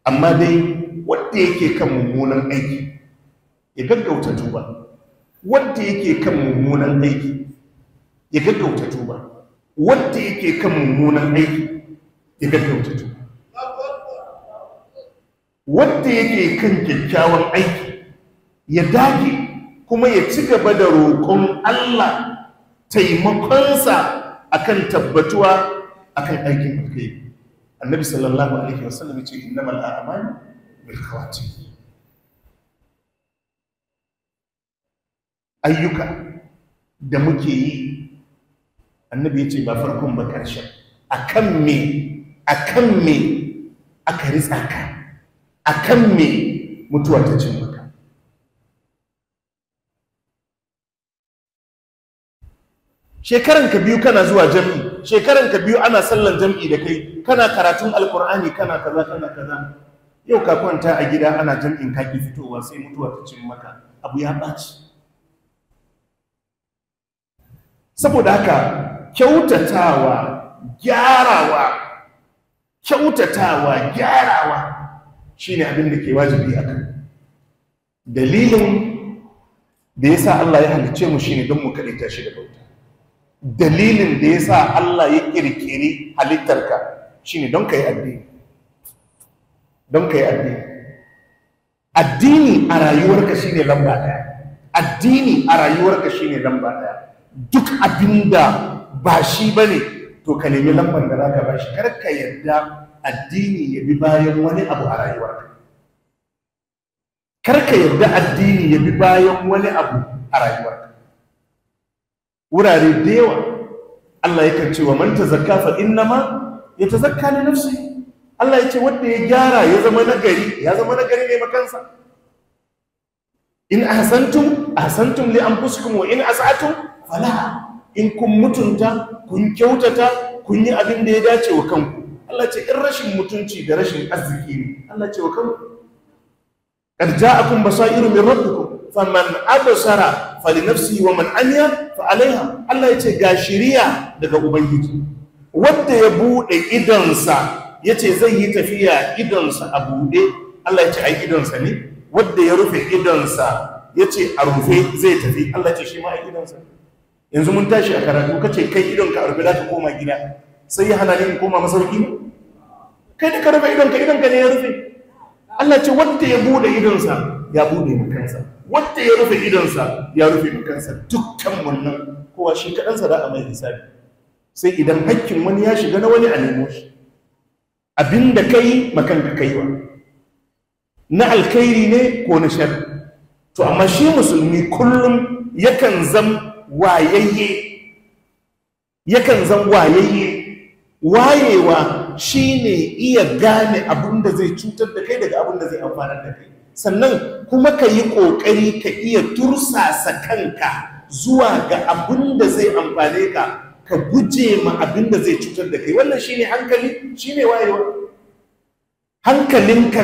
amma dai wanda yake kan mummunan aiki ya gaggauta tuba wanda yake kan mummunan aiki ya gaggauta tuba wadda yake kan mummunan aiki ya gaggauta tuba wadda yake kan kyakkyawan aiki ya dage kuma ya ci gaba da roƙon Allah taimakonsa akan tabbatuwa akan aikin kai annabi sallallahu alaihi wasallam ya ce innamal a'malu bil khawatim ayyuka da muke yi annabi ya ce ba farkon ba ƙarshen a kan me a kan me aka ritsa ka a kan me mutuwa ta cin maka shekaran ka biyu kana zuwa jam'i shekaran ka biyu ana sallan jam'i da kai kana karatun alkur'ani kana kaza kana kaza yau ka kwanta a gida ana jam'in kaki fitowa sai mutuwa ta cin maka abu ya ɓaci saboda haka kyautatawa gyarawa kyautatawa gyarawa shine abin da ke wajibi akan dalilin da yasa Allah ya halicce mu shine don mu kadaita shi da bauta dalilin da yasa Allah ya kirkiri halittarka shine don kai addini don kai addini addini a rayuwarka shine lamba daya addini a rayuwarka shine lamba daya duk abinda ba shi ba ne to ka nemi lambar da za ka ba shi kar ka yarda addini ya bi bayan wani abu a rayuwarka kar ka yarda addini ya bi bayan wani abu a rayuwarka wurare da yawa Allah yakan ce wa man tazakka fa innama yatazakka li nafsi Allah ya ce wanda ya gyara ya zama nagari ya zama nagari ne makansa in ahsantum ahsantum li anfusikum wa in as'atum falaha in kun mutunta kun kyautata kun yi abin da ya dace wa kanku Allah ce in rashin mutunci da rashin arziki ne Allah ce wa kanku قد جاءكم بصائر من ربكم faman absara nafsihi wa man anya fa alaiha Allah ce ga shiriya daga ubangiji wanda ya bude idansa yace zai yi tafiya idansa a bude Allah ce ai idansa ne wanda ya rufe idansa yace a rufe zai tafi Allah ce shi ma idansa ne yanzu mun tashi a karatu kace kai idon ka rufe zaka koma gida sai ya hana ni in koma masauki ne kai da ka rufe idon ka idon ka ne ya rufe Allah ce wanda ya bude idonsa ya bude mu kansa wanda ya rufe idonsa ya rufe mu kansa dukkan wannan kowa shi sa da a mai hisabi sai idan hakkin wani ya shiga na wani a nemo shi abinda kai kai kaiwa na alkhairi ne ko na shar to amma shi musulmi kullum yakan zama wayayye yakan zan wayayye wayewa shine iya gane abin da zai cutar da kai daga abin da zai amfanar da kai sannan kuma ka yi ƙoƙari ka iya tursasa kanka zuwa ga abin da zai amfane ka ka guje ma abin da zai cutar da kai wannan shine hankali shine wayewa hankalinka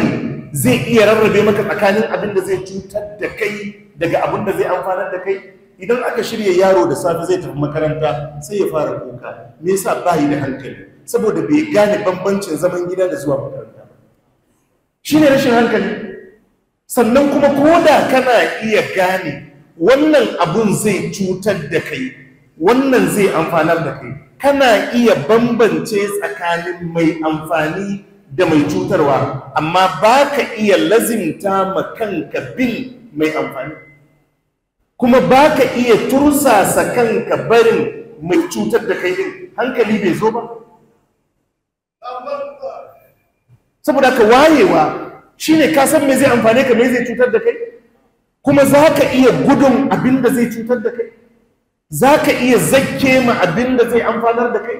zai iya rarrabe maka tsakanin abin da zai cutar da kai daga abin da zai amfanar da kai idan aka shirya yaro da safe zai tafi makaranta sai ya fara kuka me yasa ba yi da hankali saboda bai gane bambancin zaman gida da zuwa makaranta shi ne rashin hankali sannan kuma ko da kana iya gane wannan abun zai cutar da kai wannan zai amfanar da kai kana iya bambance tsakanin mai amfani da mai cutarwa amma baka iya lazimta ma kanka bin mai amfani kuma ba ka iya tursasa kanka barin mai cutar da kai din hankali bai zo ba saboda ka wayewa shine ka san me zai amfane ka me zai cutar da kai kuma za ka iya gudun abin da zai cutar da kai za ka iya zakke ma abin da zai amfanar da kai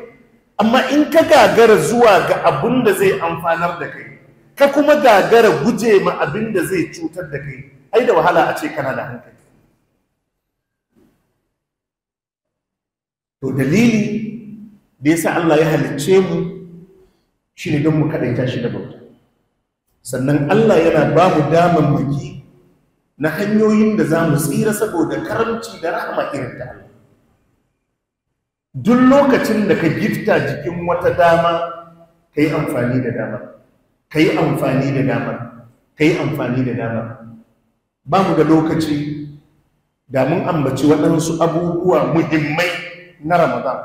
amma in ka gagara zuwa ga abin da zai amfanar da kai ka kuma gagara guje ma abin da zai cutar da kai ai da wahala a ce kana da hankali to dalili da yasa Allah ya halicce mu shi ne don mu kaɗai shi da bauta sannan Allah yana ba mu muke na hanyoyin da za mu tsira saboda karamci da rahama irin ta Allah duk lokacin da ka gifta jikin wata dama ka yi amfani da dama ka yi amfani da dama ka yi amfani da dama ba mu da lokaci da mun ambaci waɗansu abubuwa muhimmai na ramadan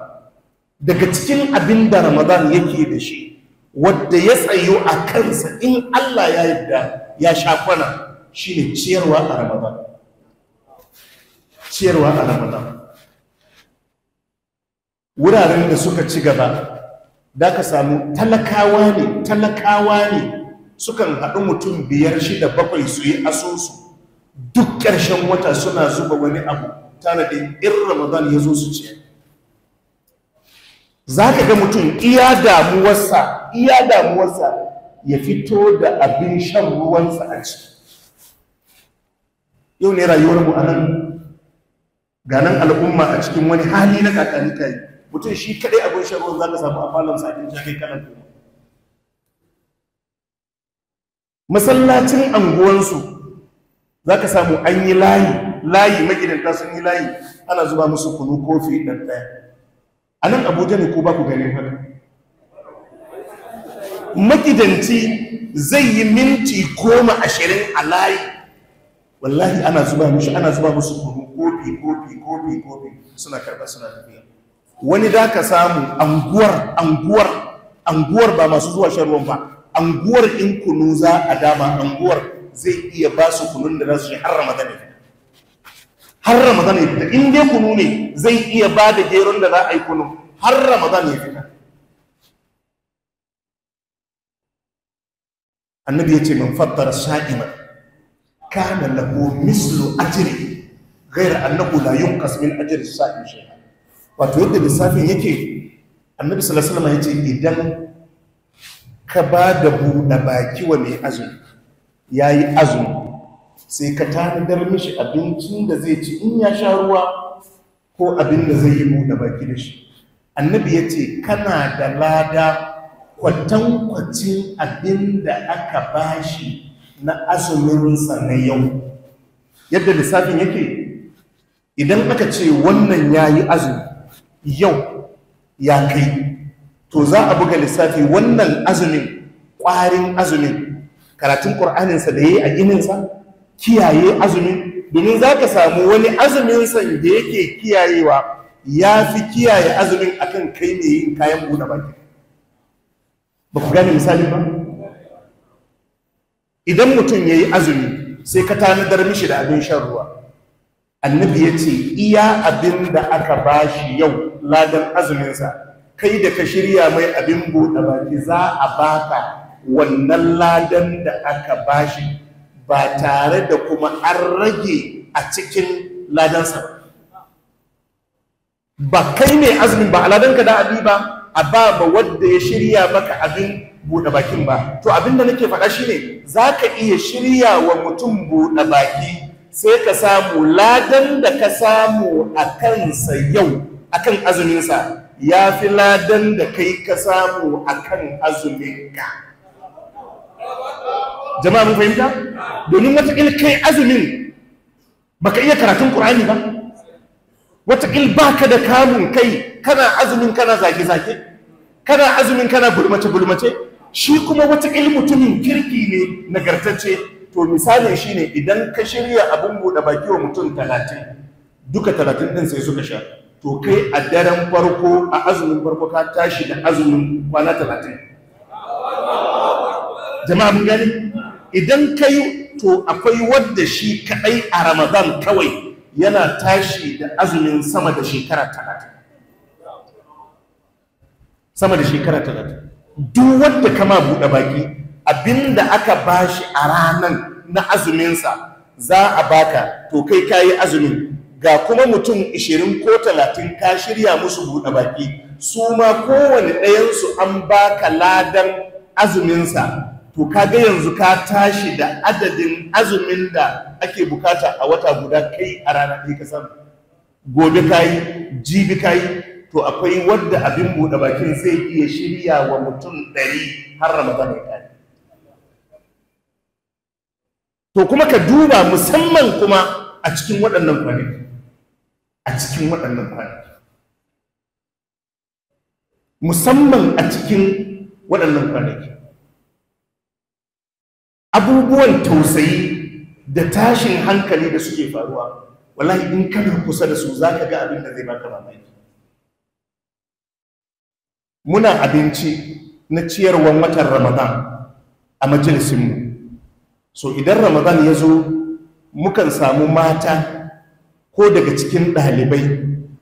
daga cikin abin da ramadan yake da shi wadda ya tsayo a kansa in allah ya yadda ya sha kwana shi ne ciyarwa a ramadan ciyarwa a ramadan wuraren da suka ci gaba da ka samu talakawa ne talakawa ne sukan haɗu mutum biyar shida bakwai su yi asusu duk ƙarshen wata suna zuba wani abu tanadi in ramadan ya zo su ciyar za ka ga mutum iya damuwarsa iya damuwarsa ya fito da abin shan ruwansa a ciki yau ne rayuwarmu a nan al'umma a cikin wani hali na kakani kai mutum shi kadai abin shan ruwan za ka samu a falon sa'adin shakai kanan masallacin anguwansu za ka samu an yi layi layi magidanta sun yi layi ana zuba musu kunu kofi ɗan ɗaya a nan abuja ne ko ba ku ganin haka makidanci zai yi minti goma ashirin a layi wallahi ana zuba mishi ana zuba musu kuru kofi kofi kofi kofi suna karba suna tafiya wani da ka samu anguwar anguwar anguwar ba masu zuwa shan ruwan ba anguwar in kunu za a dama anguwar zai iya ba su kunun da za su shi har ramadan har ramadan ya fita in dai kunu ne zai iya ba da geron da za a yi kunu har ramadan ya fita annabi ya ce min fattara sha'iman kana lahu mislu ajri ghayra annahu la yunqas min ajri sha'im shay'a wato yadda lissafin yake annabi sallallahu alaihi wasallam ya ce idan ka ba da buɗe baki wa mai azumi yayi azumi sai ka tanadar mishi abincin da zai ci in ya sha ruwa ko abin da zai yi da baki da shi annabi ya ce kana da lada kwatankwacin abin da aka bashi na azuminsa na yau yadda lissafin yake idan aka ce wannan ya yi azumi yau ya kai to za a buga lissafi wannan azumin ƙwarin azumin karatun ƙur'aninsa da ya yi a ininsa kiyaye azumi domin za ka samu wani azumin san da yake kiyayewa ya fi kiyaye azumin akan kai mai yin kayan buɗe baki ba ku gane misali ba idan mutum ya yi azumi sai ka tanadar mishi da abin shan ruwa annabi ya ce iya abin da aka ba shi yau ladan azuminsa kai da ka shirya mai abin buɗe baki za a baka wannan ladan da aka ba shi ba tare da kuma an rage a cikin ladansa ba kai ne azumin ba aladanka da abi ba a ba ba wadda ya shirya maka abin buɗe bakin ba to abin da nake faɗa shine za ka iya shirya wa mutum buɗe baki sai ka samu ladan da ka samu a kansa yau a kan azuminsa ya fi ladan da kai ka samu a kan azuminka jama'a mun fahimta domin wataƙil kai azumin baka iya karatun ƙur'ani ba wataƙil baka da kamun kai kana azumin kana zage-zage kana azumin kana bulmace-bulmace shi kuma wataƙil mutumin kirki ne nagartacce to misali shi ne idan ka shirya abin buɗe baki wa mutum talatin duka talatin ɗin sai suka sha to kai a daren farko a azumin farko ka tashi da azumin kwana talatin jama'a mun gani idan ka yi to akwai wadda shi kaɗai a ramadan kawai yana tashi da azumin sama da shekara talatin sama da shekara talatin duk wadda kama buɗe baki abinda aka ba shi a ranan na azuminsa za a baka to kai ka yi azumin ga kuma mutum 20 ko 30 ka shirya musu buɗe baki su ma kowane ɗayansu an baka ladan azuminsa to kaga yanzu ka tashi da adadin azumin da ake bukata a wata guda kai a rana ɗaya ka samu gobe ka yi, jibi ka yi, to akwai wadda abin buɗe bakin zai iya shirya wa mutum ɗari har ramadan ya kare to kuma ka duba musamman kuma a cikin waɗannan kwanaki a cikin waɗannan kwanaki musamman a cikin waɗannan kwanaki abubuwan tausayi da tashin hankali da suke faruwa wallahi in kana kusa da su za ka ga abin da zai baka mamaki muna abinci na ciyarwan watan ramadan a majalisinmu so idan ramadan ya zo mukan samu mata ko daga cikin ɗalibai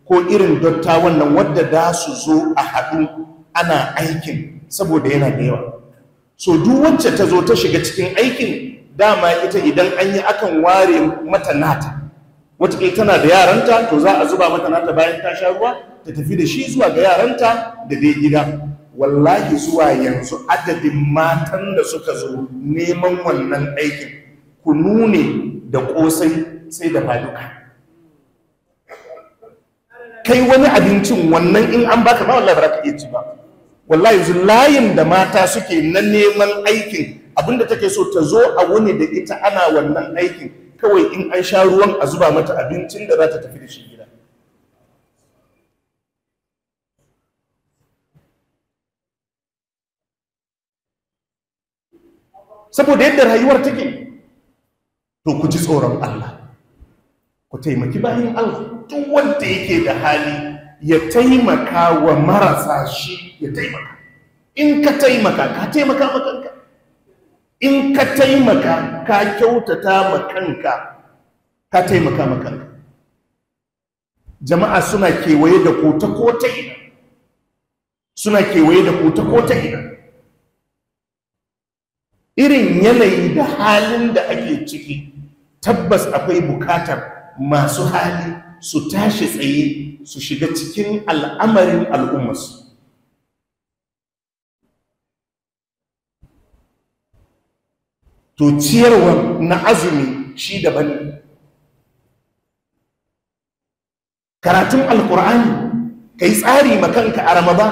ko irin dotta wannan wadda za su zo a haɗu ana aikin saboda yana da yawa so duk wacce ta zo ta shiga cikin aikin dama ita idan an yi akan ware mata nata wataƙil tana da yaranta to za a zuba mata nata bayan ta sha ruwa ta tafi da shi zuwa ga yaranta da dai gida wallahi zuwa yanzu adadin matan da suka zo neman wannan aikin ku nune da ƙosai sai da faduka kai wani abincin wannan in an baka ba wallahi ba za ka iya ci ba wallahi yanzu layin da mata suke na neman aikin abinda take so ta zo a wani da ita ana wannan aikin kawai in an sha ruwan a zuba mata abincin da za ta tafi da shi gida saboda yadda rayuwar take to ku ji tsoron Allah ku taimaki bayan Allah duk wanda yake da hali ya taimaka wa marasa shi ya taimaka in ka taimaka ka taimaka makanka in ka taimaka ka kyautata makanka ka taimaka makanka jama'a suna kewaye da kota-kota ina suna kewaye da kota-kota ina irin yanayi da halin da ake ciki tabbas akwai bukatar masu hali su tashi tsaye su shiga cikin al'amarin al'ummas. to ciyarwa na azumi shi daban ne karatun al’ur'ani ka yi tsari makanka a ramaba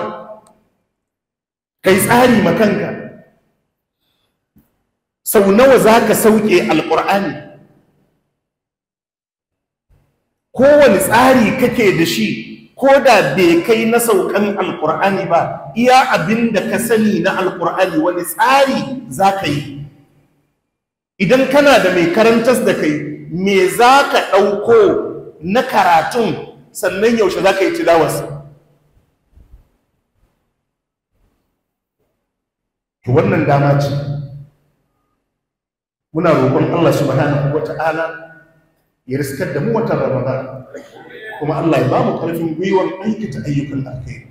ka yi tsari makanka sau nawa za ka sauke al’ur'ani kowane tsari kake da shi ko da bai kai na saukan alkur'ani ba iya abin da ka sani na alkur'ani wani tsari za ka yi idan kana da mai karantas da kai me za ka ɗauko na karatun sannan yaushe za ka yi tilawarsa to wannan dama ce muna roƙon Allah subhanahu ta'ala ya riskar da mu watan ramadan kuma Allah ya ba mu karfin gwiwar aikata ayyukan alkhairi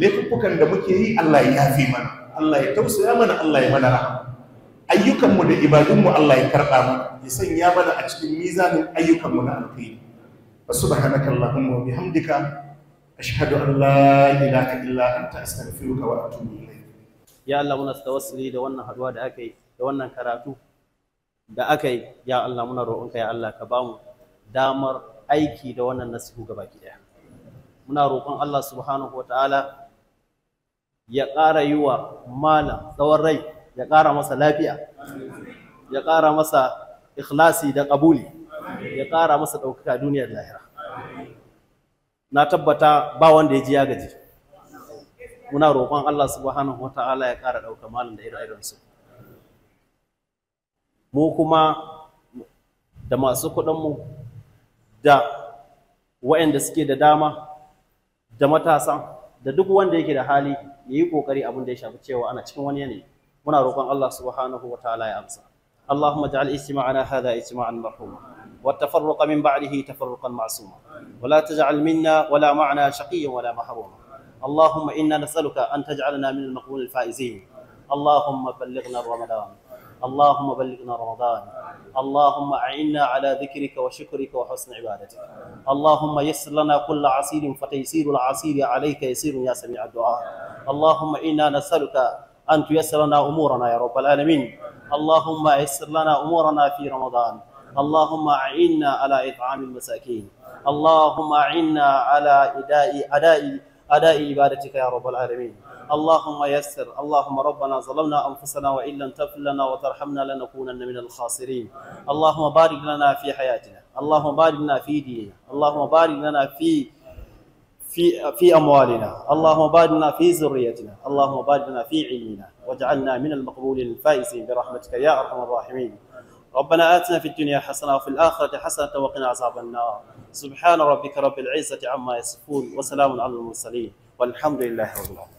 laifukan da muke yi Allah ya yafe mana Allah ya tausaya mana Allah ya mana rahama mu da ibadunmu Allah ya karɓa mu ya sanya mana a cikin mizanin ayyukan ayyukanmu na alkhairi wa subhanaka allahumma wa bihamdika ashhadu an la ilaha illa anta astaghfiruka wa atubu ilayk ya Allah muna tawassuli da wannan haduwa da aka yi da wannan karatu da aka yi ya Allah muna roƙonka ya Allah ka bamu damar aiki da wannan nasihu gaba ɗaya muna roƙon Allah subhanahu wataala ya ƙara yi wa malam tsawon rai ya ƙara masa lafiya ya ƙara masa ikhlasi da ƙabuli ya ƙara masa ɗaukaka duniyar lahira na tabbata ba wanda ya ji ya gaji muna roƙon Allah subhanahu wataala ya ƙara ɗauka malam da irin su mu kuma da masu kuɗinmu da waɗanda suke da dama da matasa da duk wanda yake da hali ya yi ƙoƙari abin da ya shafi cewa ana cikin wani yanayi muna roƙon Allah subhanahu wa ta'ala ya amsa اللهم اجعل اجتماعنا هذا اجتماعا مرحوما والتفرق من بعده تفرقا معصوما ولا تجعل منا ولا معنا شقيا ولا محروما اللهم انا نسالك ان تجعلنا من المقبول الفائزين اللهم بلغنا رمضان اللهم بلغنا رمضان اللهم أعنا على ذكرك وشكرك وحسن عبادتك اللهم يسر لنا كل عسير فتيسير العسير عليك يسير يا سميع الدعاء اللهم إنا نسألك أن تيسر لنا أمورنا يا رب العالمين اللهم يسر لنا أمورنا في رمضان اللهم أعنا على إطعام المساكين اللهم أعنا على أداء أداء أداء عبادتك يا رب العالمين اللهم يسر اللهم ربنا ظلمنا أنفسنا وإن لم تغفر لنا وترحمنا لنكونن من الخاسرين اللهم بارك لنا في حياتنا اللهم بارك لنا في ديننا اللهم بارك لنا في في في اموالنا، اللهم بارك لنا في ذريتنا، اللهم بارك لنا في علمنا، واجعلنا من المقبولين الفائزين برحمتك يا ارحم الراحمين. ربنا اتنا في الدنيا حسنه وفي الاخره حسنه وقنا عذاب النار. سبحان ربك رب العزه عما يصفون وسلام على المرسلين والحمد لله رب العالمين.